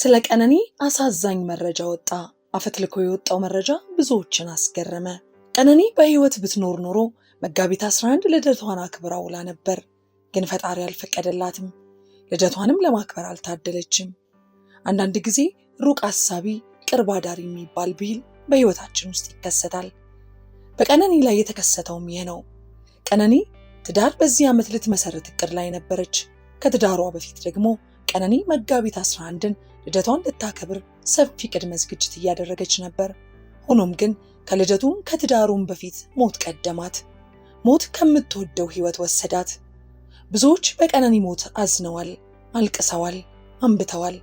ስለ ቀነኒ አሳዛኝ መረጃ ወጣ። አፈትልኮ የወጣው መረጃ ብዙዎችን አስገረመ። ቀነኒ በህይወት ብትኖር ኖሮ መጋቢት 11 ልደቷን አክብራ ውላ ነበር። ግን ፈጣሪ አልፈቀደላትም። ልደቷንም ለማክበር አልታደለችም። አንዳንድ ጊዜ ሩቅ አሳቢ ቅርብ አዳሪ የሚባል ብሂል በህይወታችን ውስጥ ይከሰታል። በቀነኒ ላይ የተከሰተውም ይህ ነው። ቀነኒ ትዳር በዚህ ዓመት ልትመሰረት እቅድ ላይ ነበረች። ከትዳሯ በፊት ደግሞ ቀነኒ መጋቢት 11ን ልደቷን ልታከብር ሰፊ ቅድመ ዝግጅት እያደረገች ነበር። ሆኖም ግን ከልደቱም ከትዳሩም በፊት ሞት ቀደማት። ሞት ከምትወደው ሕይወት ወሰዳት። ብዙዎች በቀነኒ ሞት አዝነዋል፣ አልቅሰዋል፣ አንብተዋል።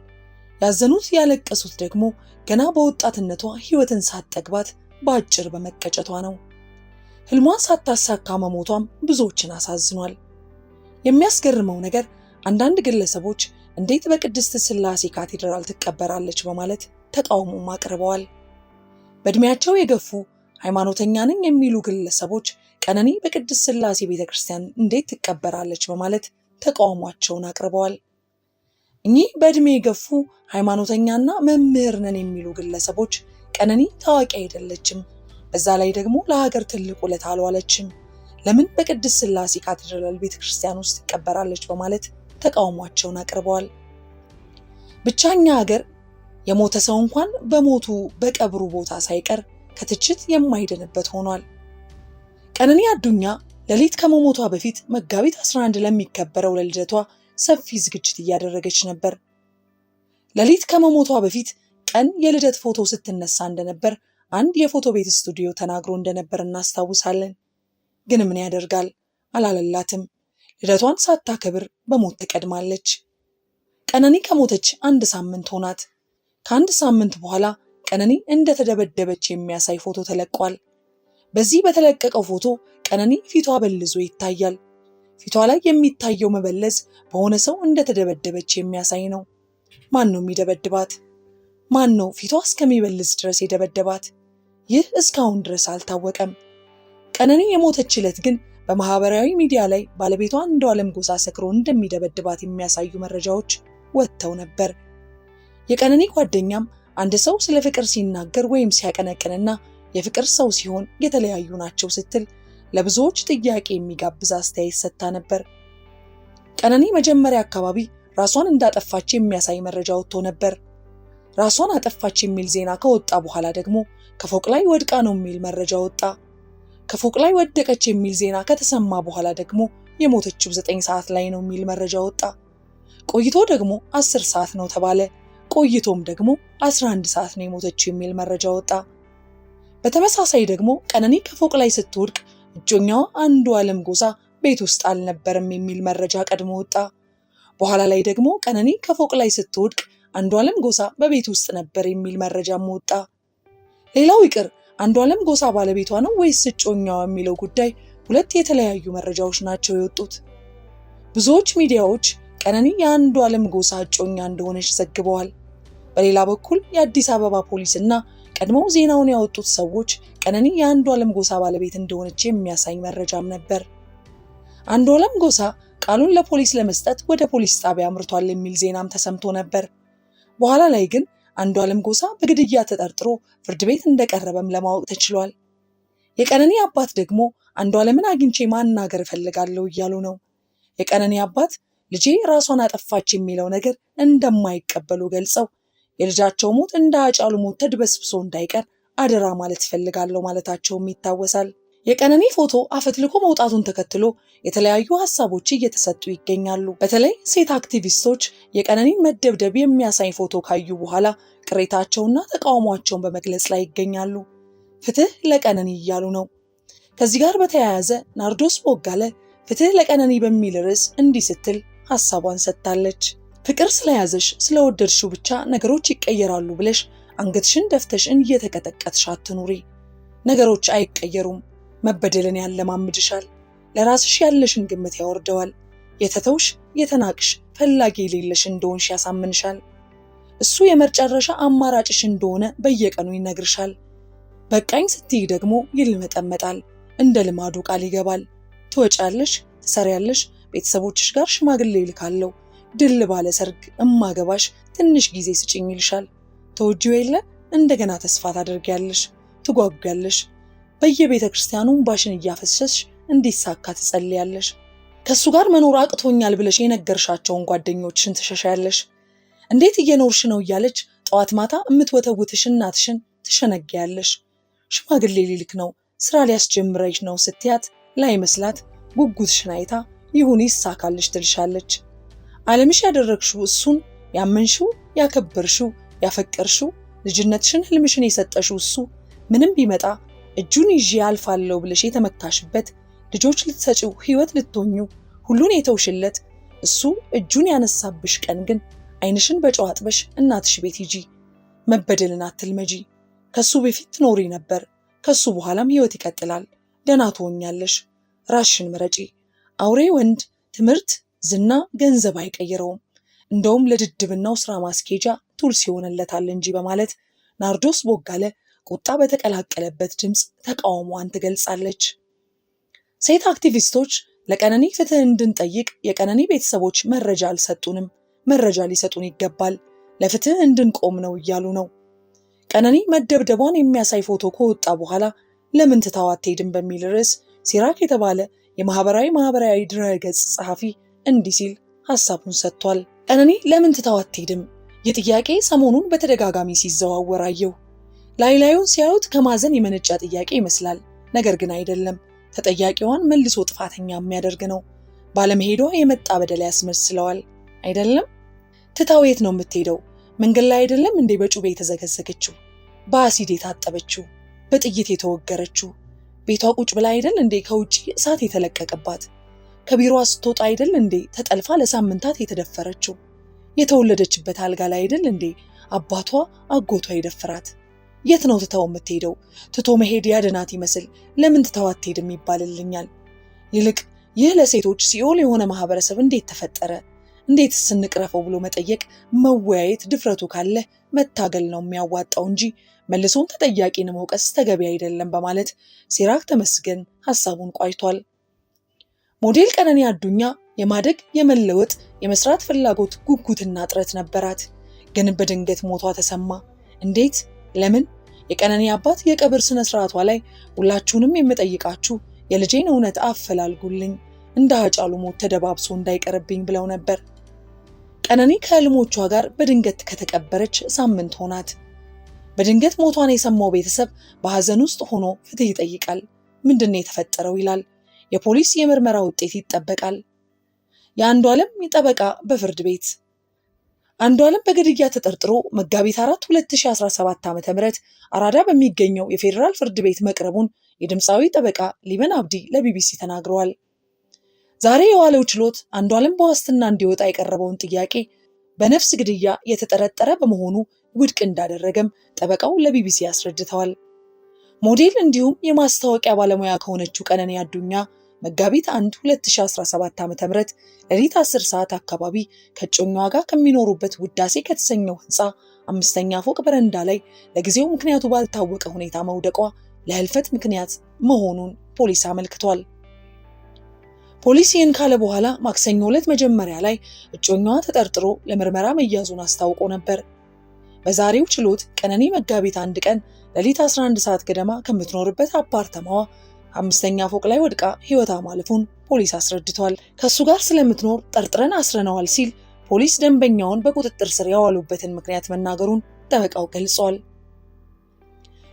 ያዘኑት ያለቀሱት ደግሞ ገና በወጣትነቷ ሕይወትን ሳትጠግባት በአጭር በመቀጨቷ ነው። ህልሟ ሳታሳካ መሞቷም ብዙዎችን አሳዝኗል። የሚያስገርመው ነገር አንዳንድ ግለሰቦች እንዴት በቅድስት ስላሴ ካቴድራል ትቀበራለች በማለት ተቃውሞም አቅርበዋል። በእድሜያቸው የገፉ ሃይማኖተኛ ነኝ የሚሉ ግለሰቦች ቀነኒ በቅድስት ስላሴ ቤተ ክርስቲያን እንዴት ትቀበራለች በማለት ተቃውሟቸውን አቅርበዋል። እኚህ በእድሜ የገፉ ሃይማኖተኛና መምህር ነን የሚሉ ግለሰቦች ቀነኒ ታዋቂ አይደለችም፣ በዛ ላይ ደግሞ ለሀገር ትልቅ ውለታ አልዋለችም፣ ለምን በቅድስት ስላሴ ካቴድራል ቤተ ክርስቲያን ውስጥ ትቀበራለች በማለት ተቃውሟቸውን አቅርበዋል። ብቻኛ ሀገር የሞተ ሰው እንኳን በሞቱ በቀብሩ ቦታ ሳይቀር ከትችት የማይድንበት ሆኗል። ቀነኒ አዱኛ ሌሊት ከመሞቷ በፊት መጋቢት 11 ለሚከበረው ለልደቷ ሰፊ ዝግጅት እያደረገች ነበር። ሌሊት ከመሞቷ በፊት ቀን የልደት ፎቶ ስትነሳ እንደነበር አንድ የፎቶ ቤት ስቱዲዮ ተናግሮ እንደነበር እናስታውሳለን። ግን ምን ያደርጋል አላለላትም። ልደቷን ሳታከብር በሞት ትቀድማለች። ቀነኒ ከሞተች አንድ ሳምንት ሆናት። ከአንድ ሳምንት በኋላ ቀነኒ እንደተደበደበች የሚያሳይ ፎቶ ተለቋል። በዚህ በተለቀቀው ፎቶ ቀነኒ ፊቷ በልዞ ይታያል። ፊቷ ላይ የሚታየው መበለዝ በሆነ ሰው እንደተደበደበች የሚያሳይ ነው። ማን ነው የሚደበድባት? ማን ነው ፊቷ እስከሚበልዝ ድረስ የደበደባት? ይህ እስካሁን ድረስ አልታወቀም። ቀነኒ ዕለት ግን በማህበራዊ ሚዲያ ላይ ባለቤቷ አንዷለም ጎሳ ሰክሮ እንደሚደበድባት የሚያሳዩ መረጃዎች ወጥተው ነበር። የቀነኒ ጓደኛም አንድ ሰው ስለ ፍቅር ሲናገር ወይም ሲያቀነቅንና የፍቅር ሰው ሲሆን የተለያዩ ናቸው ስትል ለብዙዎች ጥያቄ የሚጋብዝ አስተያየት ሰጥታ ነበር። ቀነኒ መጀመሪያ አካባቢ ራሷን እንዳጠፋች የሚያሳይ መረጃ ወጥቶ ነበር። ራሷን አጠፋች የሚል ዜና ከወጣ በኋላ ደግሞ ከፎቅ ላይ ወድቃ ነው የሚል መረጃ ወጣ። ከፎቅ ላይ ወደቀች የሚል ዜና ከተሰማ በኋላ ደግሞ የሞተችው ዘጠኝ ሰዓት ላይ ነው የሚል መረጃ ወጣ። ቆይቶ ደግሞ አስር ሰዓት ነው ተባለ። ቆይቶም ደግሞ 11 ሰዓት ነው የሞተችው የሚል መረጃ ወጣ። በተመሳሳይ ደግሞ ቀነኒ ከፎቅ ላይ ስትወድቅ እጮኛዋ አንዱ አለም ጎሳ ቤት ውስጥ አልነበረም የሚል መረጃ ቀድሞ ወጣ። በኋላ ላይ ደግሞ ቀነኒ ከፎቅ ላይ ስትወድቅ አንዱ ዓለም ጎሳ በቤት ውስጥ ነበር የሚል መረጃም ወጣ። ሌላው ይቅር አንዷለም ጎሳ ባለቤቷ ነው ወይስ እጮኛዋ የሚለው ጉዳይ ሁለት የተለያዩ መረጃዎች ናቸው የወጡት። ብዙዎች ሚዲያዎች ቀነኒ የአንዷለም ጎሳ እጮኛ እንደሆነች ዘግበዋል። በሌላ በኩል የአዲስ አበባ ፖሊስ እና ቀድሞው ዜናውን ያወጡት ሰዎች ቀነኒ የአንዷለም ጎሳ ባለቤት እንደሆነች የሚያሳይ መረጃም ነበር። አንዷለም ጎሳ ቃሉን ለፖሊስ ለመስጠት ወደ ፖሊስ ጣቢያ አምርቷል የሚል ዜናም ተሰምቶ ነበር። በኋላ ላይ ግን አንዱዓለም ጎሳ በግድያ ተጠርጥሮ ፍርድ ቤት እንደቀረበም ለማወቅ ተችሏል። የቀነኒ አባት ደግሞ አንዱዓለምን አግኝቼ ማናገር እፈልጋለሁ እያሉ ነው። የቀነኒ አባት ልጄ ራሷን አጠፋች የሚለው ነገር እንደማይቀበሉ ገልጸው የልጃቸው ሞት እንደ አጫሉ ሞት ተድበስብሶ እንዳይቀር አደራ ማለት እፈልጋለሁ ማለታቸውም ይታወሳል። የቀነኒ ፎቶ አፈትልኮ መውጣቱን ተከትሎ የተለያዩ ሀሳቦች እየተሰጡ ይገኛሉ። በተለይ ሴት አክቲቪስቶች የቀነኒን መደብደብ የሚያሳይ ፎቶ ካዩ በኋላ ቅሬታቸውና ተቃውሟቸውን በመግለጽ ላይ ይገኛሉ። ፍትህ ለቀነኒ እያሉ ነው። ከዚህ ጋር በተያያዘ ናርዶስ ቦጋለ ፍትህ ለቀነኒ በሚል ርዕስ እንዲህ ስትል ሀሳቧን ሰጥታለች። ፍቅር ስለያዘሽ ስለወደድሽው ብቻ ነገሮች ይቀየራሉ ብለሽ አንገትሽን ደፍተሽን እየተቀጠቀጥሽ አትኑሪ። ነገሮች አይቀየሩም መበደልን ያለማምድሻል። ለራስሽ ያለሽን ግምት ያወርደዋል። የተተውሽ የተናቅሽ ፈላጊ የሌለሽ እንደሆንሽ ያሳምንሻል። እሱ የመጨረሻ አማራጭሽ እንደሆነ በየቀኑ ይነግርሻል። በቃኝ ስትይ ደግሞ ይልመጠመጣል። እንደ ልማዱ ቃል ይገባል። ትወጫለሽ፣ ትሰሪያለሽ፣ ቤተሰቦችሽ ጋር ሽማግሌ ይልካለው። ድል ባለ ሰርግ እማገባሽ ትንሽ ጊዜ ስጭኝ ይልሻል። ተወጂው የለ እንደገና ተስፋ ታደርጊያለሽ፣ ትጓጓለሽ። በየቤተ ክርስቲያኑ እንባሽን እያፈሰስሽ እንዲሳካ ትጸልያለሽ። ከእሱ ጋር መኖር አቅቶኛል ብለሽ የነገርሻቸውን ጓደኞችሽን ትሸሻያለሽ። እንዴት እየኖርሽ ነው እያለች ጠዋት ማታ የምትወተውትሽ እናትሽን ትሸነግያለሽ። ሽማግሌ ሊልክ ነው ስራ ሊያስጀምረሽ ነው ስትያት ላይመስላት ጉጉትሽን አይታ ይሁን ይሳካልሽ ትልሻለች። ዓለምሽ ያደረግሽው እሱን ያመንሽው ያከበርሽው ያፈቀርሽው ልጅነትሽን ህልምሽን የሰጠሽው እሱ ምንም ቢመጣ እጁን ይዤ አልፋለሁ ብለሽ የተመካሽበት ልጆች ልትሰጪው ህይወት ልትሆኙ ሁሉን የተውሽለት እሱ እጁን ያነሳብሽ ቀን ግን አይንሽን በጨው አጥበሽ እናትሽ ቤት ሂጂ። መበደልን አትልመጂ። ከሱ በፊት ትኖሪ ነበር፣ ከሱ በኋላም ህይወት ይቀጥላል። ደህና ትሆኛለሽ። ራስሽን ምረጪ። አውሬ ወንድ ትምህርት፣ ዝና፣ ገንዘብ አይቀይረውም። እንደውም ለድድብናው ስራ ማስኬጃ ቱልስ ይሆንለታል እንጂ በማለት ናርዶስ ቦጋለ ቁጣ በተቀላቀለበት ድምፅ ተቃውሟን ትገልጻለች። ሴት አክቲቪስቶች ለቀነኒ ፍትህ እንድንጠይቅ የቀነኒ ቤተሰቦች መረጃ አልሰጡንም፣ መረጃ ሊሰጡን ይገባል፣ ለፍትህ እንድንቆም ነው እያሉ ነው። ቀነኒ መደብደቧን የሚያሳይ ፎቶ ከወጣ በኋላ ለምን ትታው አትሄድም በሚል ርዕስ ሲራክ የተባለ የማህበራዊ ማህበራዊ ድረገጽ ጸሐፊ እንዲህ ሲል ሀሳቡን ሰጥቷል። ቀነኒ ለምን ትታው አትሄድም? ይህ ጥያቄ ሰሞኑን በተደጋጋሚ ሲዘዋወር አየሁ። ላይ ላዩን ሲያዩት ከማዘን የመነጫ ጥያቄ ይመስላል። ነገር ግን አይደለም። ተጠያቂዋን መልሶ ጥፋተኛ የሚያደርግ ነው። ባለመሄዷ የመጣ በደል ያስመስለዋል። አይደለም? ትታው የት ነው የምትሄደው? መንገድ ላይ አይደለም እንዴ በጩቤ የተዘገዘገችው፣ በአሲድ የታጠበችው፣ በጥይት የተወገረችው? ቤቷ ቁጭ ብላ አይደል እንዴ ከውጭ እሳት የተለቀቀባት? ከቢሮዋ ስትወጣ አይደል እንዴ ተጠልፋ ለሳምንታት የተደፈረችው? የተወለደችበት አልጋ ላይ አይደል እንዴ አባቷ አጎቷ የደፈራት? የት ነው ትተው የምትሄደው? ትቶ መሄድ ያድናት ይመስል ለምን ትተው አትሄድም ይባልልኛል። ይልቅ ይህ ለሴቶች ሲኦል የሆነ ማህበረሰብ እንዴት ተፈጠረ? እንዴት ስንቅረፈው ብሎ መጠየቅ፣ መወያየት ድፍረቱ ካለ መታገል ነው የሚያዋጣው እንጂ መልሶን ተጠያቂን መውቀስ ተገቢ አይደለም በማለት ሲራክ ተመስገን ሀሳቡን ቋጭቷል። ሞዴል ቀነኒ አዱኛ የማደግ የመለወጥ የመስራት ፍላጎት ጉጉትና ጥረት ነበራት። ግን በድንገት ሞቷ ተሰማ። እንዴት ለምን? የቀነኒ አባት የቀብር ስነ ስርዓቷ ላይ ሁላችሁንም የምጠይቃችሁ የልጄን እውነት አፈላልጉልኝ እንደ አጫሉ ሞት ተደባብሶ እንዳይቀርብኝ ብለው ነበር። ቀነኒ ከህልሞቿ ጋር በድንገት ከተቀበረች ሳምንት ሆናት። በድንገት ሞቷን የሰማው ቤተሰብ በሐዘን ውስጥ ሆኖ ፍትህ ይጠይቃል። ምንድን የተፈጠረው ይላል። የፖሊስ የምርመራ ውጤት ይጠበቃል። የአንዱ ዓለም ጠበቃ በፍርድ ቤት አንዷለም በግድያ ተጠርጥሮ መጋቢት 4 2017 ዓ ም አራዳ በሚገኘው የፌዴራል ፍርድ ቤት መቅረቡን የድምፃዊ ጠበቃ ሊበን አብዲ ለቢቢሲ ተናግረዋል። ዛሬ የዋለው ችሎት አንዷለም በዋስትና እንዲወጣ የቀረበውን ጥያቄ በነፍስ ግድያ የተጠረጠረ በመሆኑ ውድቅ እንዳደረገም ጠበቃው ለቢቢሲ አስረድተዋል። ሞዴል እንዲሁም የማስታወቂያ ባለሙያ ከሆነችው ቀነኒ አዱኛ መጋቢት 1 2017 ዓ.ም ሌሊት 10 ሰዓት አካባቢ ከእጮኛዋ ጋር ከሚኖሩበት ውዳሴ ከተሰኘው ህንፃ አምስተኛ ፎቅ በረንዳ ላይ ለጊዜው ምክንያቱ ባልታወቀ ሁኔታ መውደቋ ለህልፈት ምክንያት መሆኑን ፖሊስ አመልክቷል። ፖሊስ ይህን ካለ በኋላ ማክሰኞ ዕለት መጀመሪያ ላይ እጮኛዋ ተጠርጥሮ ለምርመራ መያዙን አስታውቆ ነበር። በዛሬው ችሎት ቀነኒ መጋቢት አንድ ቀን ሌሊት 11 ሰዓት ገደማ ከምትኖርበት አፓርተማዋ አምስተኛ ፎቅ ላይ ወድቃ ህይወታ ማለፉን ፖሊስ አስረድቷል። ከእሱ ጋር ስለምትኖር ጠርጥረን አስረነዋል ሲል ፖሊስ ደንበኛውን በቁጥጥር ስር ያዋሉበትን ምክንያት መናገሩን ጠበቃው ገልጿል።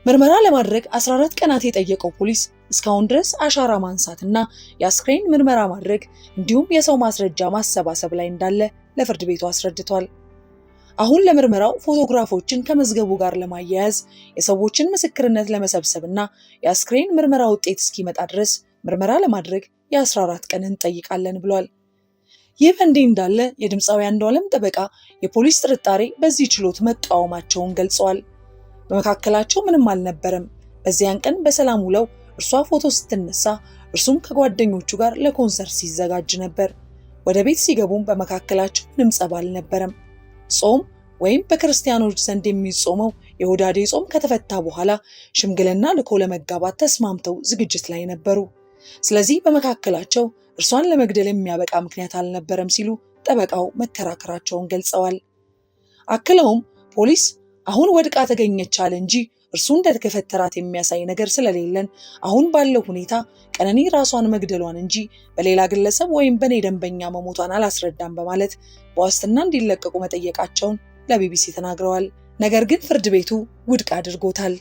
ምርመራ ለማድረግ 14 ቀናት የጠየቀው ፖሊስ እስካሁን ድረስ አሻራ ማንሳት እና የአስክሬን ምርመራ ማድረግ እንዲሁም የሰው ማስረጃ ማሰባሰብ ላይ እንዳለ ለፍርድ ቤቱ አስረድቷል። አሁን ለምርመራው ፎቶግራፎችን ከመዝገቡ ጋር ለማያያዝ የሰዎችን ምስክርነት ለመሰብሰብ እና የአስክሬን ምርመራ ውጤት እስኪመጣ ድረስ ምርመራ ለማድረግ የ14 ቀን እንጠይቃለን ብሏል። ይህ በእንዲህ እንዳለ የድምፃዊ አንዷለም ጠበቃ የፖሊስ ጥርጣሬ በዚህ ችሎት መቃወማቸውን ገልጸዋል። በመካከላቸው ምንም አልነበረም። በዚያን ቀን በሰላም ውለው እርሷ ፎቶ ስትነሳ እርሱም ከጓደኞቹ ጋር ለኮንሰርት ሲዘጋጅ ነበር። ወደ ቤት ሲገቡም በመካከላቸው ምንም ጸብ አልነበረም። ጾም ወይም በክርስቲያኖች ዘንድ የሚጾመው የሆዳዴ ጾም ከተፈታ በኋላ ሽምግልና ልኮ ለመጋባት ተስማምተው ዝግጅት ላይ ነበሩ። ስለዚህ በመካከላቸው እርሷን ለመግደል የሚያበቃ ምክንያት አልነበረም ሲሉ ጠበቃው መከራከራቸውን ገልጸዋል። አክለውም ፖሊስ አሁን ወድቃ ተገኘቻል እንጂ እርሱ እንደተከፈተራት የሚያሳይ ነገር ስለሌለን አሁን ባለው ሁኔታ ቀነኒ ራሷን መግደሏን እንጂ በሌላ ግለሰብ ወይም በእኔ ደንበኛ መሞቷን አላስረዳም በማለት በዋስትና እንዲለቀቁ መጠየቃቸውን ለቢቢሲ ተናግረዋል። ነገር ግን ፍርድ ቤቱ ውድቅ አድርጎታል።